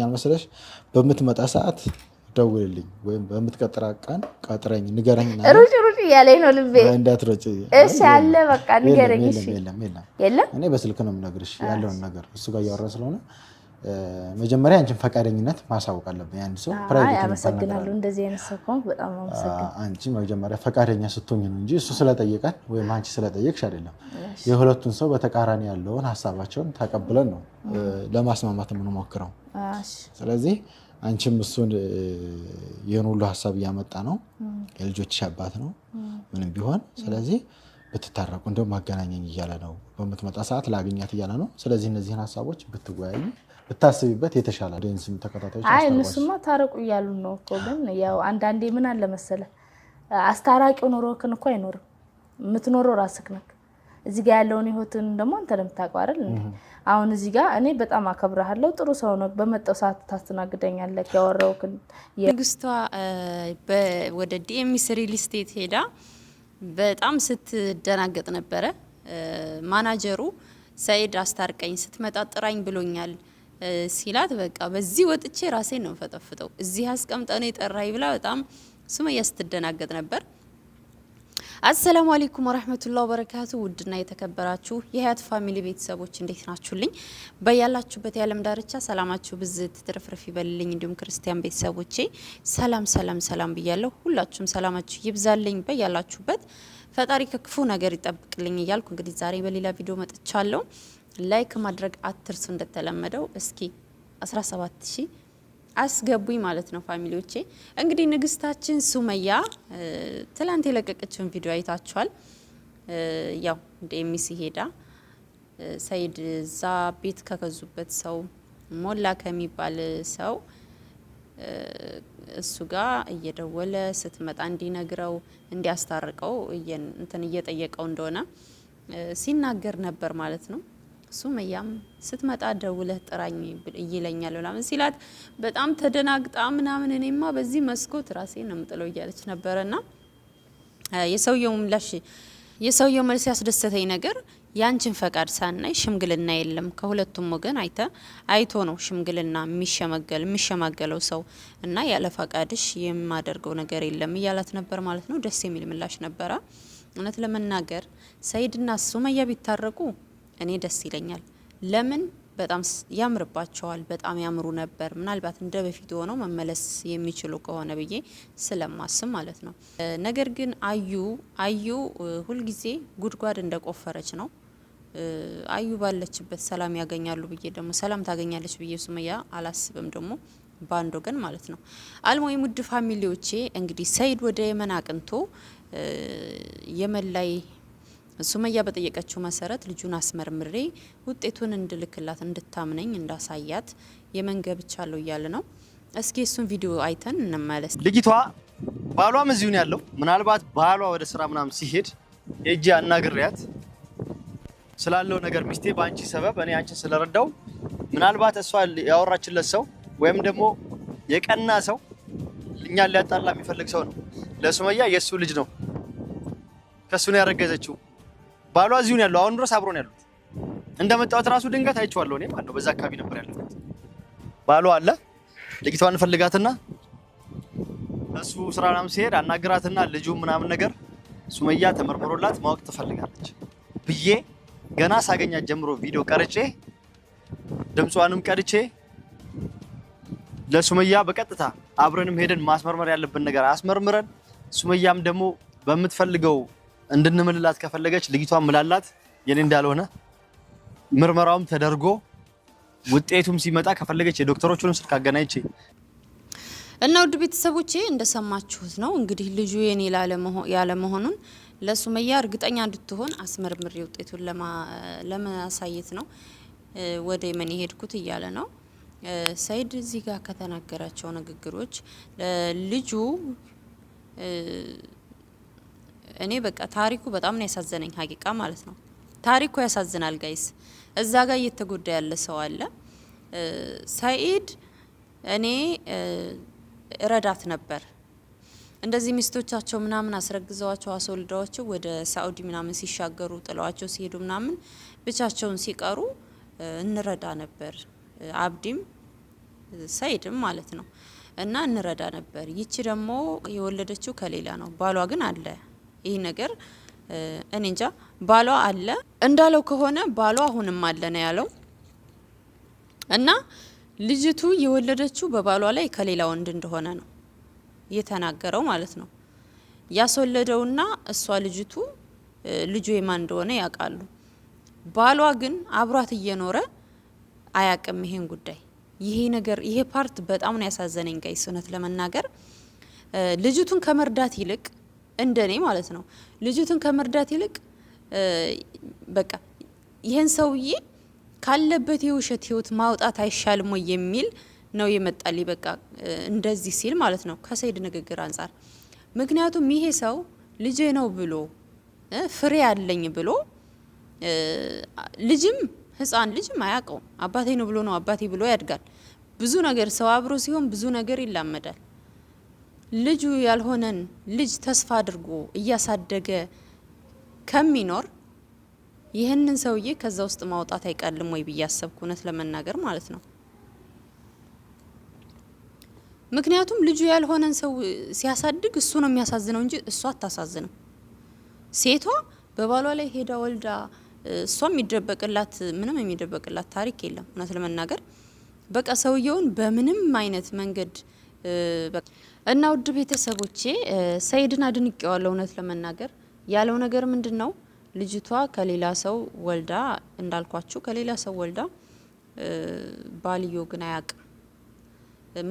ኛል መስለሽ በምትመጣ ሰዓት ደውልልኝ ወይም በምትቀጥራ ቀን ቀጥረኝ ንገረኝ። ሩጭ ሩጭ እያለኝ ነው ልቤ። እንዳትሮጭ እሺ አለ በቃ ንገረኝ። እሺ የለም እኔ በስልክ ነው የምነግርሽ ያለውን ነገር እሱ ጋር እያወራ ስለሆነ መጀመሪያ አንቺን ፈቃደኝነት ማሳወቅ አለብን። አንድ ሰው አመሰግናለሁ። እንደዚህ አይነት ሰው ከሆንክ በጣም አመሰግናለሁ። አንቺ መጀመሪያ ፈቃደኛ ስትሆኝ ነው እንጂ እሱ ስለጠየቀን ወይም አንቺ ስለጠየቅሽ አይደለም። የሁለቱን ሰው በተቃራኒ ያለውን ሀሳባቸውን ተቀብለን ነው ለማስማማት የምንሞክረው። ስለዚህ አንቺም እሱን ይህን ሁሉ ሀሳብ እያመጣ ነው፣ የልጆችሽ አባት ነው ምንም ቢሆን። ስለዚህ ብትታረቁ እንደው ማገናኘኝ እያለ ነው፣ በምትመጣ ሰዓት ላግኛት እያለ ነው። ስለዚህ እነዚህን ሀሳቦች ብትወያዩ ብታስቢበት የተሻለ ዳንስም ተከታታዮች አይ እነሱማ ታረቁ እያሉ ነው እኮ። ግን ያው አንዳንዴ ምን አለ መሰለህ አስታራቂው ኖሮክን እኮ አይኖርም። የምትኖረው ራስክ ነክ። እዚህ ጋ ያለውን ህይወትን ደግሞ አንተ ነው የምታውቀው አይደል? አሁን እዚህ ጋ እኔ በጣም አከብረሃለው፣ ጥሩ ሰው ነው። በመጣው ሰዓት ታስተናግደኛለህ። ያወራውክን ንግስቷ ወደ ዲኤምሲ ሪል ስቴት ሄዳ በጣም ስትደናገጥ ነበረ። ማናጀሩ ሰኢድ አስታርቀኝ ስትመጣ ጥራኝ ብሎኛል ሲላት በቃ በዚህ ወጥቼ ራሴን ነው ፈጠፍጠው እዚህ አስቀምጠን የጠራይ ብላ በጣም ሱመያ ስትደናገጥ ነበር። አሰላሙ አሌይኩም ወራህመቱላሂ ወበረካቱ። ውድና የተከበራችሁ የሀያት ፋሚሊ ቤተሰቦች እንዴት ናችሁልኝ? በያላችሁበት የዓለም ዳርቻ ሰላማችሁ ብዝ ትትርፍርፍ ይበልልኝ። እንዲሁም ክርስቲያን ቤተሰቦቼ ሰላም ሰላም ሰላም ብያለሁ። ሁላችሁም ሰላማችሁ ይብዛልኝ በያላችሁበት ፈጣሪ ከክፉ ነገር ይጠብቅልኝ እያልኩ እንግዲህ ዛሬ በሌላ ቪዲዮ መጥቻለሁ። ላይክ ማድረግ አትርሱ። እንደተለመደው እስኪ 17 ሺ አስገቡኝ ማለት ነው ፋሚሊዎቼ። እንግዲህ ንግስታችን ሱመያ ትላንት የለቀቀችውን ቪዲዮ አይታችኋል። ያው እንደ ኤሚሲ ሄዳ ሰይድ እዛ ቤት ከገዙበት ሰው ሞላ ከሚባል ሰው እሱ ጋር እየደወለ ስትመጣ እንዲነግረው እንዲያስታርቀው እንትን እየጠየቀው እንደሆነ ሲናገር ነበር ማለት ነው። ሱመያም ስትመጣ ደውለህ ጥራኝ ይለኛል ምናምን ሲላት በጣም ተደናግጣ ምናምን እኔማ በዚህ መስኮት ራሴ ነው ምጥለው እያለች ነበረና የሰውየው ምላሽ የሰውየው መልስ ያስደሰተኝ ነገር ያንቺን ፈቃድ ሳናይ ሽምግልና የለም። ከሁለቱም ወገን አይተ አይቶ ነው ሽምግልና የሚሸመገል የሚሸማገለው ሰው እና ያለ ፈቃድሽ የማደርገው ነገር የለም እያላት ነበር ማለት ነው። ደስ የሚል ምላሽ ነበረ። እውነት ለመናገር ሰይድና ሱመያ ቢታረቁ እኔ ደስ ይለኛል። ለምን በጣም ያምርባቸዋል። በጣም ያምሩ ነበር። ምናልባት እንደ በፊት ሆነው መመለስ የሚችሉ ከሆነ ብዬ ስለማስብ ማለት ነው። ነገር ግን አዩ አዩ ሁልጊዜ ጉድጓድ እንደቆፈረች ነው። አዩ ባለችበት ሰላም ያገኛሉ ብዬ ደግሞ ሰላም ታገኛለች ብዬ ሱመያ አላስብም ደግሞ በአንድ ወገን ማለት ነው። አልሞይም ውድ ፋሚሊዎቼ እንግዲህ ሰይድ ወደ የመን አቅንቶ የመን ላይ ሱመያ በጠየቀችው መሰረት ልጁን አስመርምሬ ውጤቱን እንድልክላት እንድታምነኝ እንዳሳያት የመንገ እያለ ነው። እስኪ እሱን ቪዲዮ አይተን እንመለስ። ልጅቷ ባሏም እዚሁን ያለው ምናልባት ባሏ ወደ ስራ ምናምን ሲሄድ ሄጄ አናግሪያት ስላለው ነገር ሚስቴ በአንቺ ሰበብ እኔ አንቺ ስለረዳው ምናልባት እሷ ያወራችለት ሰው ወይም ደግሞ የቀና ሰው እኛን ሊያጣላ የሚፈልግ ሰው ነው። ለሱመያ የእሱ ልጅ ነው ከእሱ ነው ያረገዘችው። ባሏ እዚሁ ነው ያለው። አሁን ድረስ አብሮ ነው ያሉት። እንደመጣሁት ራሱ ድንገት አይቼዋለሁ። እኔም አለው በዛ አካባቢ ነበር ያለበት ባሏ አለ። ልጅቷን እንፈልጋትና እሱ ስራ ምናምን ሲሄድ አናግራትና ልጁ ምናምን ነገር ሱመያ ተመርምሮላት ማወቅ ትፈልጋለች ብዬ ገና ሳገኛት ጀምሮ ቪዲዮ ቀርጬ ድምጿንም ቀድቼ ለሱመያ በቀጥታ አብረንም ሄደን ማስመርመር ያለብን ነገር አስመርምረን ሱመያም ደግሞ በምትፈልገው እንድንምልላት ከፈለገች ልጅቷ ምላላት የኔ እንዳልሆነ ምርመራውም ተደርጎ ውጤቱም ሲመጣ ከፈለገች የዶክተሮቹንም ስልክ አገናኝቼ እና ውድ ቤተሰቦቼ እንደሰማችሁት ነው እንግዲህ ልጁ የኔ ያለመሆኑን ለሱመያ እርግጠኛ እንድትሆን አስመርምሬ ውጤቱን ለማሳየት ነው ወደ የመን የሄድኩት እያለ ነው ሰይድ። እዚህ ጋር ከተናገራቸው ንግግሮች ልጁ እኔ በቃ ታሪኩ በጣም ነው ያሳዘነኝ። ሀቂቃ ማለት ነው ታሪኩ ያሳዝናል። ጋይስ እዛ ጋር እየተጎዳ ያለ ሰው አለ። ሰኢድ እኔ እረዳት ነበር እንደዚህ ሚስቶቻቸው ምናምን አስረግዘዋቸው አስወልደዋቸው ወደ ሳኡዲ ምናምን ሲሻገሩ ጥለዋቸው ሲሄዱ ምናምን ብቻቸውን ሲቀሩ እንረዳ ነበር። አብዲም ሰይድም ማለት ነው እና እንረዳ ነበር። ይቺ ደግሞ የወለደችው ከሌላ ነው። ባሏ ግን አለ ይህ ነገር እኔ እንጃ። ባሏ አለ እንዳለው ከሆነ ባሏ አሁንም አለ ነው ያለው እና ልጅቱ የወለደችው በባሏ ላይ ከሌላ ወንድ እንደሆነ ነው የተናገረው ማለት ነው። ያስወለደውና እሷ ልጅቱ ልጁ የማን እንደሆነ ያውቃሉ። ባሏ ግን አብሯት እየኖረ አያቅም ይሄን ጉዳይ። ይሄ ነገር ይሄ ፓርት በጣም ነው ያሳዘነኝ ጋይስ እውነት ለመናገር ልጅቱን ከመርዳት ይልቅ እንደኔ ማለት ነው። ልጅቱን ከመርዳት ይልቅ በቃ ይህን ሰውዬ ካለበት የውሸት ህይወት ማውጣት አይሻልም ወይ የሚል ነው የመጣልኝ። በቃ እንደዚህ ሲል ማለት ነው ከሰይድ ንግግር አንጻር። ምክንያቱም ይሄ ሰው ልጄ ነው ብሎ ፍሬ አለኝ ብሎ ልጅም ህፃን ልጅም አያውቀውም አባቴ ነው ብሎ ነው አባቴ ብሎ ያድጋል። ብዙ ነገር ሰው አብሮ ሲሆን ብዙ ነገር ይላመዳል። ልጁ ያልሆነን ልጅ ተስፋ አድርጎ እያሳደገ ከሚኖር ይህንን ሰውዬ ከዛ ውስጥ ማውጣት አይቀልም ወይ ብዬ አሰብኩ፣ እውነት ለመናገር ማለት ነው። ምክንያቱም ልጁ ያልሆነን ሰው ሲያሳድግ እሱ ነው የሚያሳዝነው እንጂ እሷ አታሳዝንም። ሴቷ በባሏ ላይ ሄዳ ወልዳ እሷ የሚደበቅላት ምንም የሚደበቅላት ታሪክ የለም። እውነት ለመናገር በቃ ሰውየውን በምንም አይነት መንገድ እና ውድ ቤተሰቦቼ ሰይድን አድንቄዋለሁ። እውነት ለመናገር ያለው ነገር ምንድን ነው? ልጅቷ ከሌላ ሰው ወልዳ እንዳልኳችሁ ከሌላ ሰው ወልዳ ባልዮ ግን አያውቅም።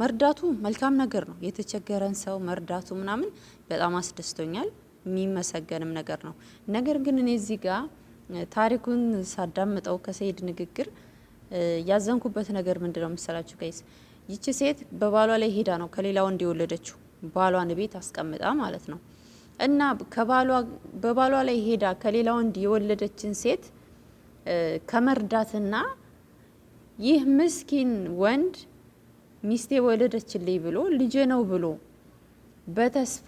መርዳቱ መልካም ነገር ነው። የተቸገረን ሰው መርዳቱ ምናምን በጣም አስደስቶኛል። የሚመሰገንም ነገር ነው። ነገር ግን እኔ እዚህ ጋር ታሪኩን ሳዳምጠው ከሰይድ ንግግር ያዘንኩበት ነገር ምንድነው መሰላችሁ ጋይስ ይቺ ሴት በባሏ ላይ ሄዳ ነው ከሌላ ወንድ የወለደችው ባሏን ቤት አስቀምጣ ማለት ነው። እና ከባሏ በባሏ ላይ ሄዳ ከሌላ ወንድ የወለደችን ሴት ከመርዳትና ይህ ምስኪን ወንድ ሚስቴ ወለደችልኝ ብሎ ልጄ ነው ብሎ በተስፋ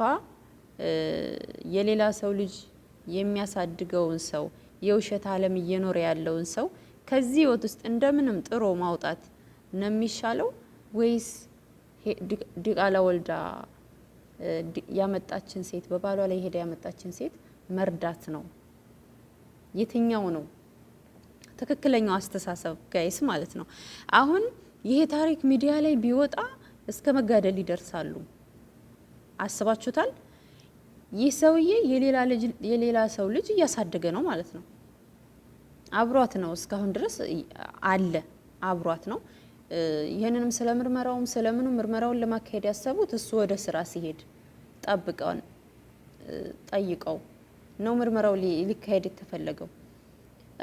የሌላ ሰው ልጅ የሚያሳድገውን ሰው የውሸት ዓለም እየኖረ ያለውን ሰው ከዚህ ሕይወት ውስጥ እንደምንም ጥሮ ማውጣት ነው የሚሻለው። ወይስ ዲቃላ ወልዳ ያመጣችን ሴት በባሏ ላይ ሄዳ ያመጣችን ሴት መርዳት ነው? የትኛው ነው ትክክለኛው አስተሳሰብ? ጋይስ ማለት ነው። አሁን ይሄ ታሪክ ሚዲያ ላይ ቢወጣ እስከ መጋደል ይደርሳሉ። አስባችሁታል? ይህ ሰውዬ የሌላ ሰው ልጅ እያሳደገ ነው ማለት ነው። አብሯት ነው እስካሁን ድረስ አለ፣ አብሯት ነው ይህንንም ስለ ምርመራውም ስለምኑ ምርመራውን ለማካሄድ ያሰቡት እሱ ወደ ስራ ሲሄድ ጠብቀን ጠይቀው ነው ምርመራው ሊካሄድ የተፈለገው።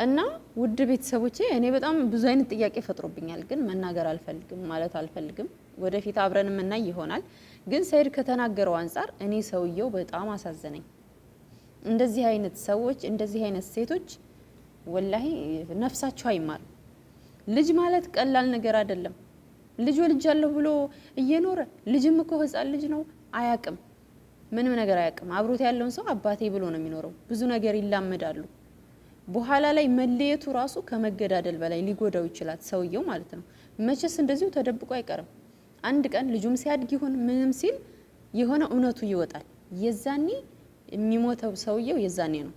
እና ውድ ቤተሰቦቼ እኔ በጣም ብዙ አይነት ጥያቄ ፈጥሮብኛል፣ ግን መናገር አልፈልግም ማለት አልፈልግም። ወደፊት አብረን የምናይ ይሆናል። ግን ሰይድ ከተናገረው አንጻር እኔ ሰውየው በጣም አሳዘነኝ። እንደዚህ አይነት ሰዎች እንደዚህ አይነት ሴቶች ወላሂ ነፍሳቸው አይማርም። ልጅ ማለት ቀላል ነገር አይደለም። ልጅ ወልጃለሁ ብሎ እየኖረ ልጅም እኮ ህፃን ልጅ ነው፣ አያቅም፣ ምንም ነገር አያቅም። አብሮት ያለውን ሰው አባቴ ብሎ ነው የሚኖረው። ብዙ ነገር ይላመዳሉ። በኋላ ላይ መለየቱ ራሱ ከመገዳደል በላይ ሊጎዳው ይችላል ሰውየው ማለት ነው። መቼስ እንደዚሁ ተደብቆ አይቀርም። አንድ ቀን ልጁም ሲያድግ ይሆን ምንም ሲል የሆነ እውነቱ ይወጣል። የዛኔ የሚሞተው ሰውየው የዛኔ ነው።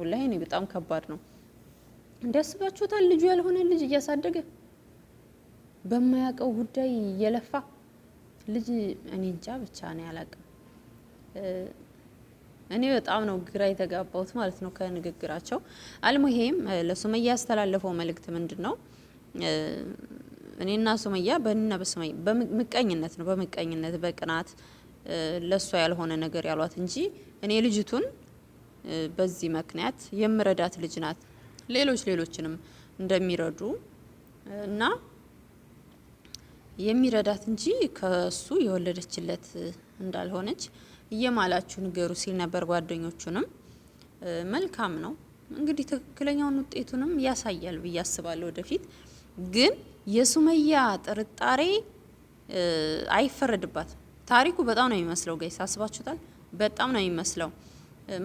ወላሂ በጣም ከባድ ነው። እንዲያስባችሁታል ልጁ ያልሆነ ልጅ እያሳደገ በማያውቀው ጉዳይ እየለፋ ልጅ እኔ እንጃ ብቻ ነው ያላቅም። እኔ በጣም ነው ግራ የተጋባሁት ማለት ነው ከንግግራቸው። አልሙሄም ለሱመያ ያስተላለፈው መልእክት ምንድን ነው? እኔና ሱመያ በእና በሱመያ በምቀኝነት ነው በምቀኝነት በቅናት ለሷ ያልሆነ ነገር ያሏት እንጂ እኔ ልጅቱን በዚህ ምክንያት የምረዳት ልጅ ናት ሌሎች ሌሎችንም እንደሚረዱ እና የሚረዳት እንጂ ከሱ የወለደችለት እንዳልሆነች እየማላችሁ ንገሩ ሲል ነበር ጓደኞቹንም። መልካም ነው እንግዲህ ትክክለኛውን ውጤቱንም ያሳያል ብዬ አስባለሁ። ወደፊት ግን የሱመያ ጥርጣሬ አይፈረድባትም። ታሪኩ በጣም ነው የሚመስለው። ጋይ ሳስባችሁታል። በጣም ነው የሚመስለው።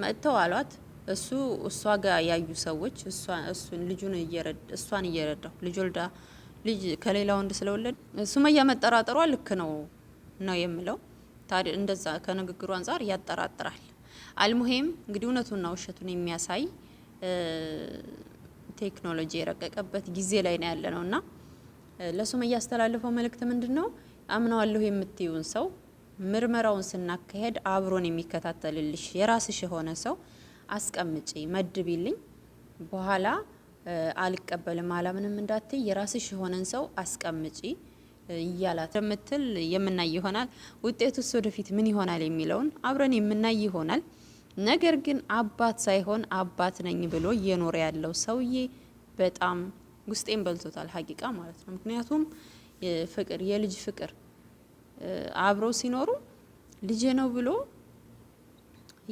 መጥተው አሏት እሱ እሷ ጋር ያዩ ሰዎች እሱን ልጁን እሷን እየረዳው ልጅ ወልዳ ልጅ ከሌላ ወንድ ስለወለድ ሱመያ መጠራጠሯ ልክ ነው ነው የምለው። ታዲያ እንደዛ ከንግግሩ አንጻር ያጠራጥራል። አልሙሄም እንግዲህ እውነቱና ውሸቱን የሚያሳይ ቴክኖሎጂ የረቀቀበት ጊዜ ላይ ነው ያለ ነው እና ለሱመያ ያስተላለፈው መልእክት ምንድን ነው? አምናዋለሁ የምትይውን ሰው ምርመራውን ስናካሄድ አብሮን የሚከታተልልሽ የራስሽ የሆነ ሰው አስቀምጪ መድቢልኝ፣ በኋላ አልቀበልም አላምንም እንዳትይ የራስሽ የሆነን ሰው አስቀምጪ እያላት የምትል የምናይ ይሆናል። ውጤቱስ ወደፊት ምን ይሆናል የሚለውን አብረን የምናይ ይሆናል። ነገር ግን አባት ሳይሆን አባት ነኝ ብሎ እየኖረ ያለው ሰውዬ በጣም ውስጤን በልቶታል፣ ሀቂቃ ማለት ነው። ምክንያቱም ፍቅር የልጅ ፍቅር አብረው ሲኖሩ ልጄ ነው ብሎ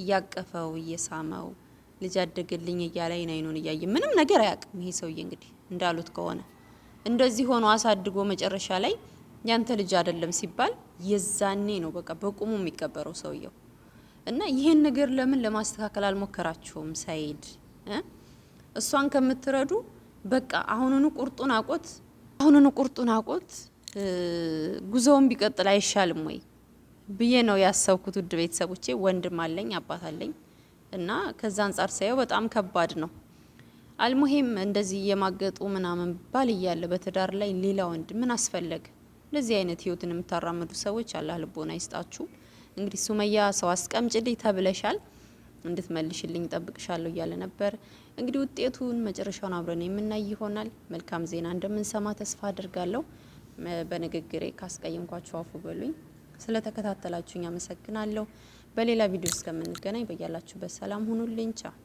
እያቀፈው እየሳመው ልጅ አደገልኝ እያለ አይን አይኑን እያየ ምንም ነገር አያውቅም። ይሄ ሰውዬ እንግዲህ እንዳሉት ከሆነ እንደዚህ ሆኖ አሳድጎ መጨረሻ ላይ ያንተ ልጅ አይደለም ሲባል የዛኔ ነው በቃ በቁሙ የሚቀበረው ሰውየው። እና ይህን ነገር ለምን ለማስተካከል አልሞከራችሁም? ሰይድ እሷን ከምትረዱ በቃ አሁኑኑ ቁርጡን አቆት አሁኑኑ ቁርጡን አቆት ጉዞውን ቢቀጥል አይሻልም ወይ? ብዬ ነው ያሰብኩት። ውድ ቤተሰቦቼ ወንድም አለኝ አባት አለኝ እና ከዛ አንጻር ሳየው በጣም ከባድ ነው። አልሙሄም እንደዚህ የማገጡ ምናምን ባል እያለ በትዳር ላይ ሌላ ወንድ ምን አስፈለግ እንደዚህ አይነት ህይወትን የምታራምዱ ሰዎች አላህ ልቦና ይስጣችሁ። እንግዲህ ሱመያ ሰው አስቀምጭልኝ ተብለሻል፣ እንድትመልሽልኝ ጠብቅሻለሁ እያለ ነበር። እንግዲህ ውጤቱን መጨረሻውን አብረን የምናይ ይሆናል። መልካም ዜና እንደምንሰማ ተስፋ አድርጋለሁ። በንግግሬ ካስቀየምኳችሁ አፉ በሉኝ። ስለተከታተላችሁኝ አመሰግናለሁ። በሌላ ቪዲዮ እስከምንገናኝ በያላችሁበት ሰላም ሁኑልኝ። ቻው